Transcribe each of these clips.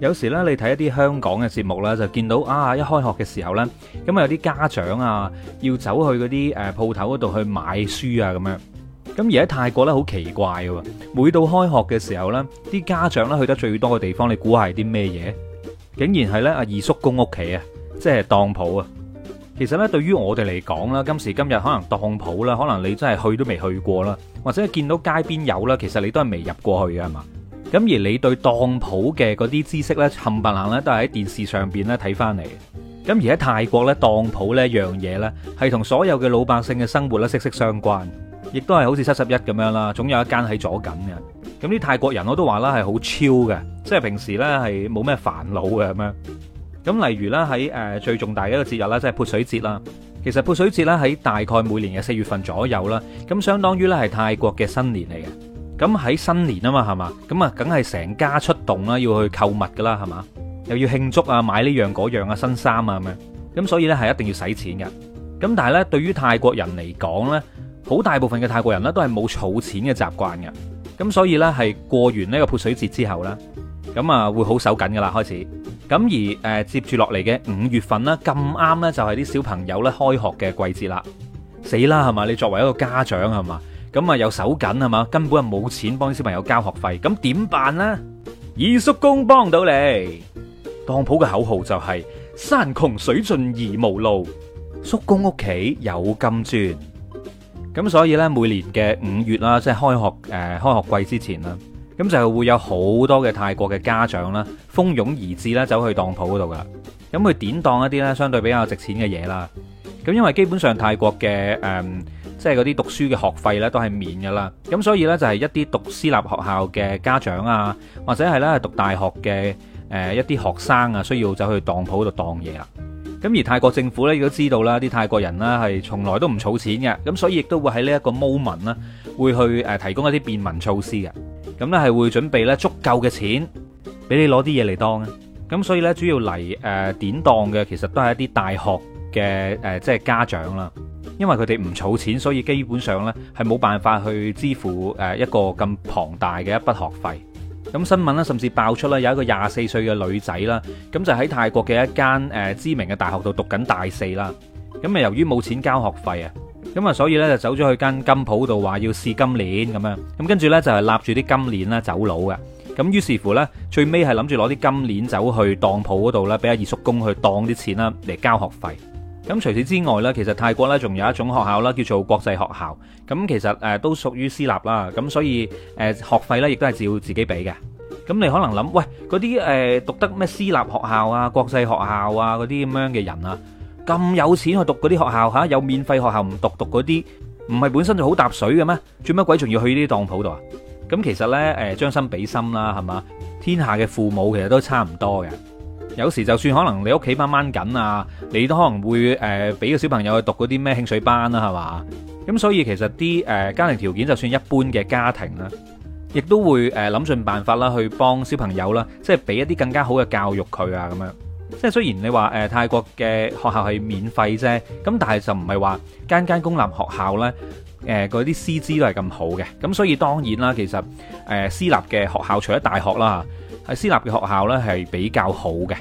有時咧，你睇一啲香港嘅節目啦，就見到啊，一開學嘅時候呢，咁啊有啲家長啊要走去嗰啲誒鋪頭嗰度去買書啊咁樣。咁而喺泰國呢，好奇怪喎，每到開學嘅時候呢，啲家長呢，去得最多嘅地方，你估下係啲咩嘢？竟然係呢，阿二叔公屋企啊，即係當鋪啊。其實呢，對於我哋嚟講啦，今時今日可能當鋪啦，可能你真係去都未去過啦，或者見到街邊有啦，其實你都係未入過去㗎係嘛？咁而你對當鋪嘅嗰啲知識呢，冚唪唥呢都係喺電視上邊咧睇翻嚟。咁而喺泰國咧，當鋪呢一樣嘢呢，係同所有嘅老百姓嘅生活呢息息相關，亦都係好似七十一咁樣啦，總有一間喺左近嘅。咁啲泰國人我都話啦係好超嘅，即係平時呢係冇咩煩惱嘅咁樣。咁例如咧喺誒最重大嘅一個節日啦，即係潑水節啦。其實潑水節呢，喺大概每年嘅四月份左右啦，咁相當於呢係泰國嘅新年嚟嘅。咁喺新年啊嘛，係嘛，咁啊，梗係成家出動啦，要去購物噶啦，係嘛，又要慶祝啊，買呢樣嗰樣啊，新衫啊咁，所以呢，係一定要使錢嘅。咁但係呢，對於泰國人嚟講呢，好大部分嘅泰國人呢，都係冇儲錢嘅習慣嘅。咁所以呢，係過完呢個潑水節之後呢，咁啊會好手緊噶啦，開始。咁而誒、呃、接住落嚟嘅五月份呢，咁啱呢，就係啲小朋友呢開學嘅季節啦。死啦，係嘛，你作為一個家長，係嘛。咁啊，有手緊係嘛，根本啊冇錢幫啲小朋友交學費，咁點辦呢？二叔公幫到你，當鋪嘅口號就係山窮水盡而無路，叔公屋企有金磚。咁所以咧，每年嘅五月啦，即係開學誒，開學季之前啦，咁就會有好多嘅泰國嘅家長啦，蜂擁而至啦，走去當鋪嗰度噶。咁佢典當一啲咧相對比較值錢嘅嘢啦。咁因為基本上泰國嘅誒。即係嗰啲讀書嘅學費咧，都係免噶啦。咁所以呢，就係、是、一啲讀私立學校嘅家長啊，或者係呢讀大學嘅誒一啲學生啊，需要走去當鋪度當嘢啦。咁而泰國政府呢，亦都知道啦，啲泰國人呢係從來都唔儲錢嘅。咁所以亦都會喺呢一個 moment 呢會去誒提供一啲便民措施嘅。咁呢係會準備呢足夠嘅錢俾你攞啲嘢嚟當。咁所以呢，主要嚟誒、呃、典當嘅，其實都係一啲大學嘅誒、呃，即係家長啦、啊。因為佢哋唔儲錢，所以基本上咧係冇辦法去支付誒一個咁龐大嘅一筆學費。咁新聞咧甚至爆出啦，有一個廿四歲嘅女仔啦，咁就喺泰國嘅一間誒、呃、知名嘅大學度讀緊大四啦。咁啊由於冇錢交學費啊，咁啊所以呢，就走咗去間金鋪度話要試金鏈咁樣。咁跟住呢，就係立住啲金鏈啦走佬嘅。咁於是乎呢，最尾係諗住攞啲金鏈走去當鋪嗰度咧，俾阿二叔公去當啲錢啦嚟交學費。咁除此之外咧，其實泰國咧仲有一種學校啦，叫做國際學校。咁其實誒都屬於私立啦，咁所以誒學費咧亦都係要自己俾嘅。咁你可能諗，喂嗰啲誒讀得咩私立學校啊、國際學校啊嗰啲咁樣嘅人啊，咁有錢去讀嗰啲學校嚇，有免費學校唔讀讀嗰啲，唔係本身就好搭水嘅咩？做乜鬼仲要去呢啲當鋪度啊？咁其實呢，誒將心比心啦，係嘛？天下嘅父母其實都差唔多嘅。有時就算可能你屋企掹掹緊啊，你都可能會誒俾個小朋友去讀嗰啲咩興趣班啦、啊，係嘛？咁、嗯、所以其實啲誒、呃、家庭條件就算一般嘅家庭咧，亦都會誒諗、呃、盡辦法啦，去幫小朋友啦，即係俾一啲更加好嘅教育佢啊咁樣。即係雖然你話誒、呃、泰國嘅學校係免費啫，咁但係就唔係話間間公立學校呢。誒，嗰啲師資都係咁好嘅，咁所以當然啦，其實誒、呃，私立嘅學校除咗大學啦，喺私立嘅學校呢係比較好嘅。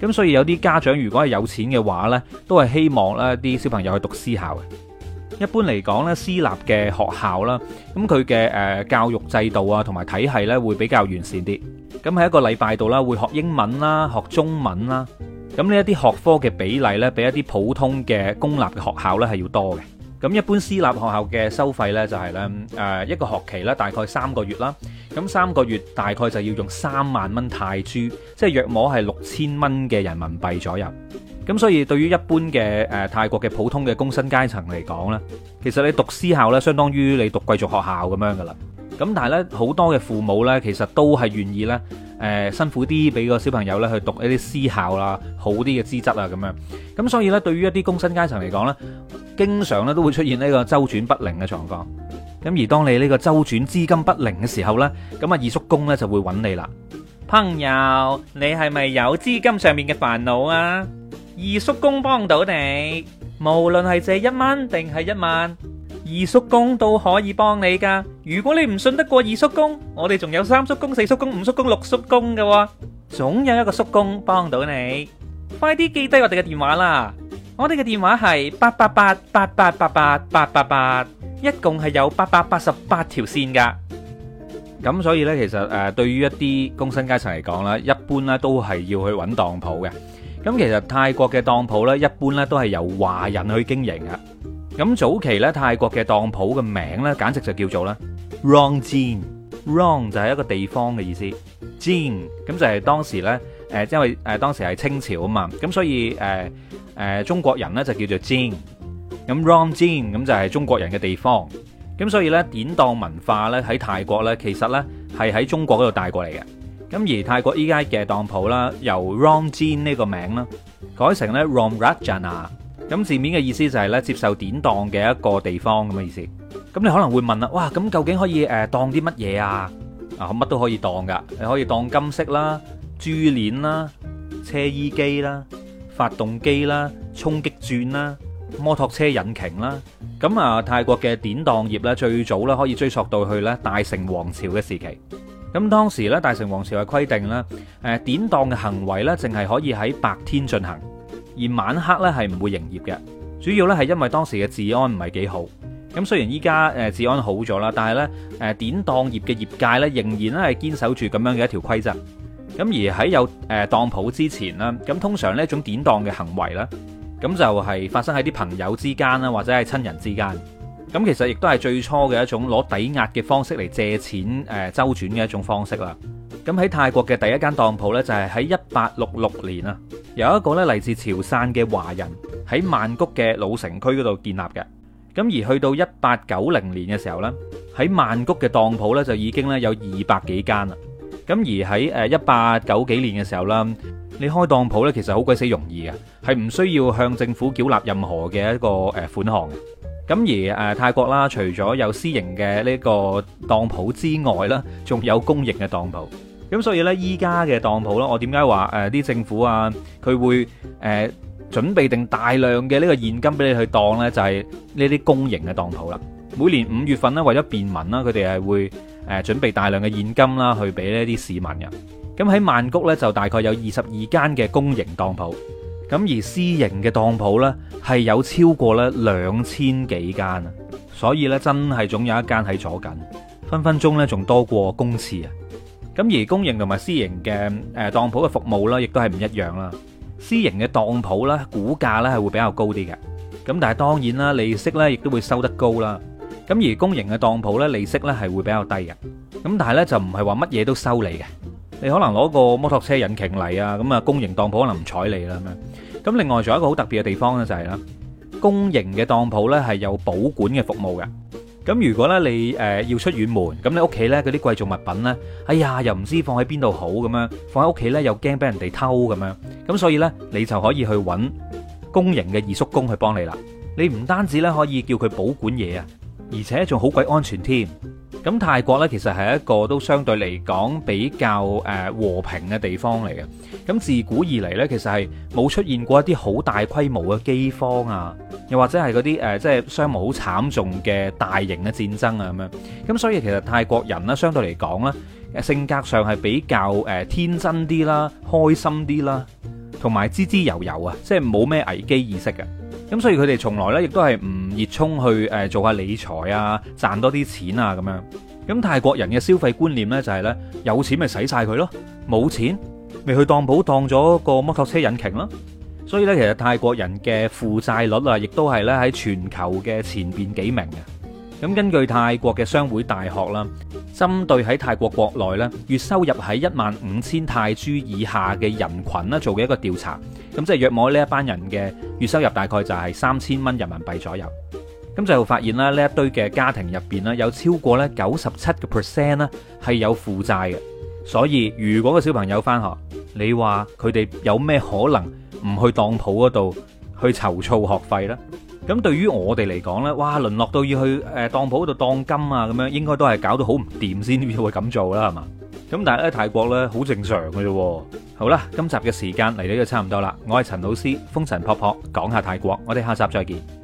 咁所以有啲家長如果係有錢嘅話呢，都係希望呢啲小朋友去讀私校嘅。一般嚟講呢，私立嘅學校啦，咁佢嘅誒教育制度啊，同埋體系呢會比較完善啲。咁喺一個禮拜度啦，會學英文啦，學中文啦，咁呢一啲學科嘅比例呢，比一啲普通嘅公立嘅學校呢係要多嘅。咁一般私立學校嘅收費呢，就係呢誒一個學期呢，大概三個月啦，咁三個月大概就要用三萬蚊泰銖，即係約莫係六千蚊嘅人民幣左右。咁所以對於一般嘅誒、呃、泰國嘅普通嘅工薪階層嚟講呢，其實你讀私校呢，相當於你讀貴族學校咁樣噶啦。咁但係呢，好多嘅父母呢，其實都係願意呢。誒辛苦啲，俾個小朋友咧去讀一啲私校啦，好啲嘅資質啊，咁樣咁，所以咧對於一啲工薪階層嚟講咧，經常咧都會出現呢個週轉不靈嘅狀況。咁而當你呢個週轉資金不靈嘅時候咧，咁啊二叔公咧就會揾你啦，朋友，你係咪有資金上面嘅煩惱啊？二叔公幫到你，無論係借一蚊定係一萬，二叔公都可以幫你噶如果你唔信得過二叔公，我哋仲有三叔公、四叔公、五叔公、六叔公嘅，總有一個叔公幫到你。快啲記低我哋嘅電話啦，我哋嘅電話係八八八八八八八八八，一共係有八百八十八條線噶咁所以呢，其實誒，對於一啲工薪階層嚟講呢，一般呢都係要去揾當鋪嘅。咁其實泰國嘅當鋪呢，一般呢都係由華人去經營嘅。咁早期咧，泰國嘅當鋪嘅名咧，簡直就叫做咧 Rong Jin，Rong 就係一個地方嘅意思，Jin 咁就係當時咧，誒、呃、因為誒當時係清朝啊嘛，咁所以誒誒、呃呃、中國人咧就叫做 Jin，咁 Rong Jin 咁就係中國人嘅地方，咁所以咧典當文化咧喺泰國咧，其實咧係喺中國嗰度帶過嚟嘅，咁而泰國依家嘅當鋪啦，由 Rong Jin 呢個名啦改成咧 Rong Rajana。咁字面嘅意思就係咧接受典當嘅一個地方咁嘅意思。咁你可能會問啦，哇，咁究竟可以誒當啲乜嘢啊？啊，乜都可以當噶，你可以當金飾啦、珠鏈啦、車衣機啦、發動機啦、衝擊鑽啦、摩托車引擎啦。咁啊，泰國嘅典當業咧最早咧可以追溯到去咧大城王朝嘅時期。咁當時咧大城王朝係規定咧，誒典當嘅行為咧淨係可以喺白天進行。而晚黑呢係唔會營業嘅，主要呢係因為當時嘅治安唔係幾好。咁雖然依家誒治安好咗啦，但係呢誒典當業嘅業界呢，仍然咧係堅守住咁樣嘅一條規則。咁而喺有誒當鋪之前呢，咁通常呢一種典當嘅行為呢，咁就係發生喺啲朋友之間啦，或者係親人之間。咁其實亦都係最初嘅一種攞抵押嘅方式嚟借錢誒週轉嘅一種方式啦。咁喺泰國嘅第一間當鋪呢，就係喺一八六六年啊。有一個咧嚟自潮汕嘅華人喺曼谷嘅老城區嗰度建立嘅。咁而去到一八九零年嘅時候呢，喺曼谷嘅當鋪呢就已經咧有二百幾間啦，咁而喺誒一八九幾年嘅時候啦，你開當鋪呢其實好鬼死容易嘅，係唔需要向政府繳納任何嘅一個誒款項嘅，咁而誒泰國啦，除咗有私營嘅呢個當鋪之外呢，仲有公營嘅當鋪。咁所以呢，依家嘅當鋪呢，我點解話誒啲政府啊，佢會誒、呃、準備定大量嘅呢個現金俾你去當呢？就係呢啲公營嘅當鋪啦。每年五月份呢，為咗便民啦，佢哋係會誒、呃、準備大量嘅現金啦，去俾呢啲市民嘅。咁喺曼谷呢，就大概有二十二間嘅公營當鋪，咁而私營嘅當鋪呢，係有超過呢兩千幾間啊。所以呢，真係總有一間喺左近，分分鐘呢，仲多過公廁啊！咁而公營同埋私營嘅誒當鋪嘅服務啦，亦都係唔一樣啦。私營嘅當鋪咧，估價咧係會比較高啲嘅。咁但係當然啦，利息咧亦都會收得高啦。咁而公營嘅當鋪咧，利息咧係會比較低嘅。咁但係咧就唔係話乜嘢都收你嘅。你可能攞個摩托車引擎嚟啊，咁啊公營當鋪可能唔睬你啦咁樣。咁另外仲有一個好特別嘅地方咧就係啦，公營嘅當鋪咧係有保管嘅服務嘅。咁如果咧你誒要出遠門，咁你屋企咧嗰啲貴重物品咧，哎呀又唔知放喺邊度好咁樣，放喺屋企咧又驚俾人哋偷咁樣，咁所以咧你就可以去揾公營嘅二叔公去幫你啦。你唔單止咧可以叫佢保管嘢啊，而且仲好鬼安全添。咁泰國咧，其實係一個都相對嚟講比較誒和平嘅地方嚟嘅。咁自古以來咧，其實係冇出現過一啲好大規模嘅饑荒啊，又或者係嗰啲誒即係傷亡好慘重嘅大型嘅戰爭啊咁樣。咁所以其實泰國人咧，相對嚟講咧，性格上係比較誒天真啲啦，開心啲啦，同埋姿姿油油啊，即係冇咩危機意識嘅。咁所以佢哋從來咧，亦都係唔熱衷去誒做下理財啊，賺多啲錢啊咁樣。咁泰國人嘅消費觀念呢，就係呢，有錢咪使晒佢咯，冇錢咪去當鋪當咗個摩托車引擎咯。所以呢，其實泰國人嘅負債率啊，亦都係咧喺全球嘅前邊幾名嘅。咁根據泰國嘅商會大學啦。針對喺泰國國內咧，月收入喺一萬五千泰銖以下嘅人群咧，做嘅一個調查，咁即係約摸呢一班人嘅月收入大概就係三千蚊人民幣左右。咁就發現啦，呢一堆嘅家庭入邊咧，有超過咧九十七個 percent 咧係有負債嘅。所以如果個小朋友翻學，你話佢哋有咩可能唔去當鋪嗰度去籌措學費呢？咁對於我哋嚟講咧，哇，淪落到要去誒、呃、當鋪度當金啊，咁樣應該都係搞到好唔掂先至會咁做啦，係嘛？咁但係咧泰國呢，好正常嘅啫。好啦，今集嘅時間嚟到就差唔多啦，我係陳老師，風塵僕僕講下泰國，我哋下集再見。